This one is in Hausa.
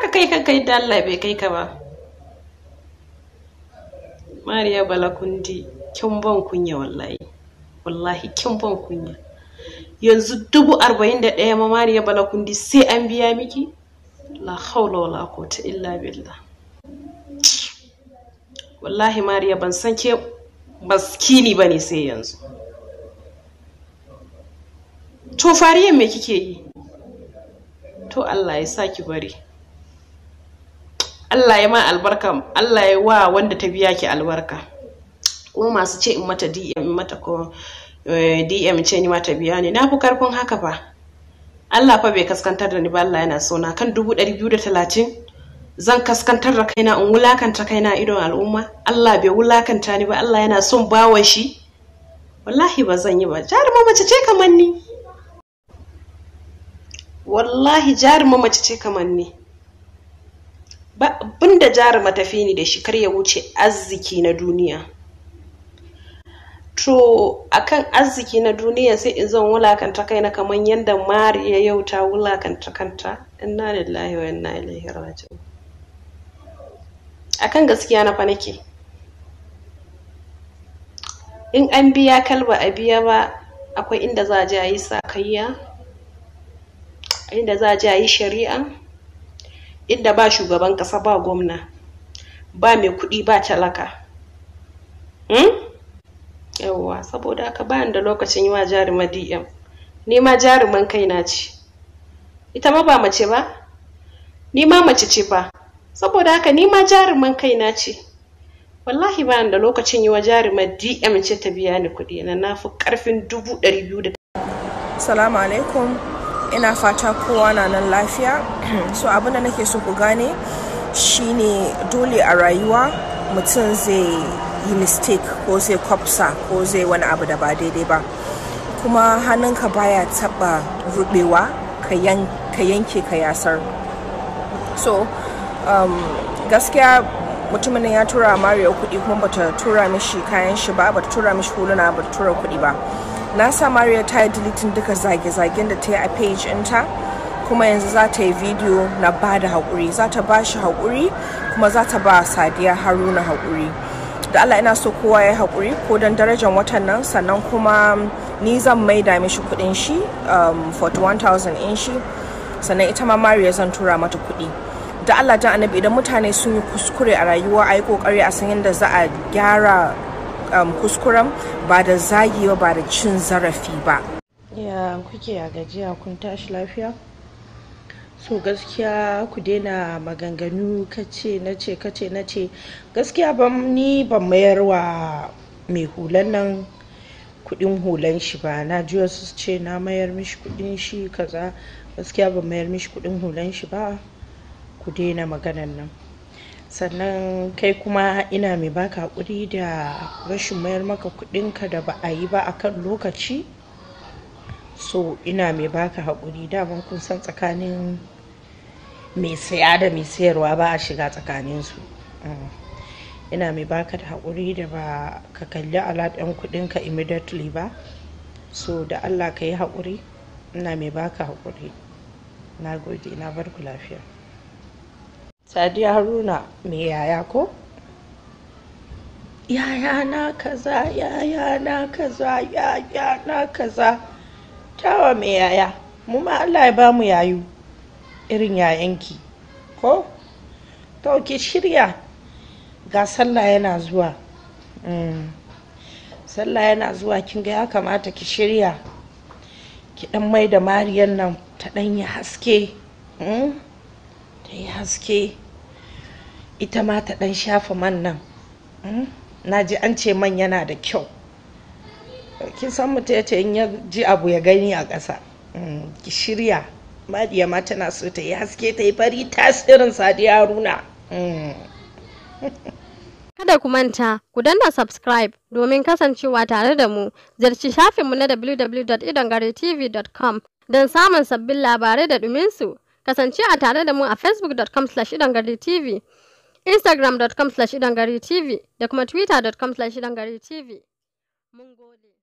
ka kai kanka yadda Allah bai kai ka ba Mariya Balakundi kin ban kunya wallahi wallahi kin ban kunya yanzu dubu arba'in da ɗaya ma Mariya Balakundi sai an biya miki la haula wala ta illa billah wallahi Mariya ban san ke baskini ne sai yanzu to fariyan me kike yi to Allah ya sa bari Allah ya ma albarka Allah ya wa wanda ta biya ki albarka kuma masu ce in mata DM in mata ko eh, DM ce ni mata biya ne na fi karfin haka fa Allah fa bai kaskantar da ni ba Allah yana so na kan dubu biyu da talatin zan kaskantar da kaina in wulakanta kaina idon al'umma Allah bai wulakanta ni ba Allah yana son bawa shi wallahi ba zan yi ba jaruma mace ce kamar ni wallahi jaruma mace ce kamar ni bin da ta matafi ni da shi kar ya wuce arziki na duniya to akan arziki na duniya sai in zan wulakanta kaina kamar yadda mariya yau ta wulakanta kanta inna lillahi wa inna ilaihi raji'un akan gaskiya na fanake nake in an biya kalba a biya ba akwai inda za a ji a yi sakayya inda za a ji a yi shari'a inda ba shugaban kasa ba gwamna ba mai kuɗi ba talaka hmm? yawwa saboda haka bayan da lokacin yi wa jaruma dm ni ma jaruman kaina ce ita ma ba mace ba ni ma mace ce fa saboda haka ni ma jaruman kaina ce wallahi bayan da lokacin yi wa jaruma dm ce ta biya ni kuɗi na na fi ƙarfin dubu ɗari biyu da salamu alaikum ina fata kowa na nan lafiya so abin da nake so ku gane shine dole a rayuwa mutum zai yi mistake ko zai kwapsa ko zai wani abu da ba daidai ba kuma hannun hannunka baya taba rubewa ka yanke ka yasar so um, gaskiya mutumin ya tura mario kudi kuma bata tura mishi kayan shi ba bata tura mishi huluna bata tura kudi ba na sa mariya ta yi dilitin duka zage-zagen da ta yi a page inta kuma yanzu za ta yi video na ba da haƙuri za ta ba shi haƙuri kuma za ta ba sadiya haruna haƙuri da allah ina so kowa ya yi haƙuri ko don darajar watan nan sannan kuma ni zan mai da mishi kuɗin shi um, 41,000 in shi sannan ita ma mariya zan tura mata kuɗi da Allah jan annabi idan mutane sun yi kuskure a rayuwa a yi kokari a san yadda za a gyara Um, kuskuren ba da zagewa ba da cin zarafi ba ya kuke a gajiya kun tashi lafiya so gaskiya ku daina maganganu kace na ce kace na ce gaskiya ban ni ban mayar wa mai hulan nan kudin hulan shi ba na ji su ce na mayar mishi kudin shi kaza gaskiya ban mayar mishi kudin hulan shi ba ku daina maganan nan sannan kai kuma ina mai baka hakuri da rashin mayar maka kudinka da ba a yi ba a kan lokaci so ina mai baka hakuri daman kun san tsakanin mai saya da mai sayarwa ba a shiga tsakaninsu mm. ina mai baka da hakuri da ba ka kalli alaɗin kudinka immediately ba so da allah ka yi hakuri ina mai baka hakuri na gode na barku lafiya sadiya haruna mai yaya ko yaya na kaza yaya na kaza yaya na kaza tawa mai yaya mu ma allah ya bamu yayu irin yayanki ko to ki shirya ga sallah yana zuwa mm. sallah yana zuwa kin ga ya kamata ki shirya ki dan mai da mariyan nan ta dan yi haske mm. ta yi haske ita ma ta ɗan shafa man nan hmm? na ji an ce man yana da kyau kin san mutum ya in ya ji abu ya gani a ƙasa hmm, ki shirya madiya ma tana so ta yi haske ta yi fari tasirin sadiya haruna hmm. kada ku manta ku danna subscribe domin kasancewa tare da mu ziyarci shafinmu na www.idongaretv.com don samun sabbin labarai da ɗuminsu Kasance a tare da mu a facebook.com slash tv instagram.com slash tv da kuma twitter.com slash tv Mun gode.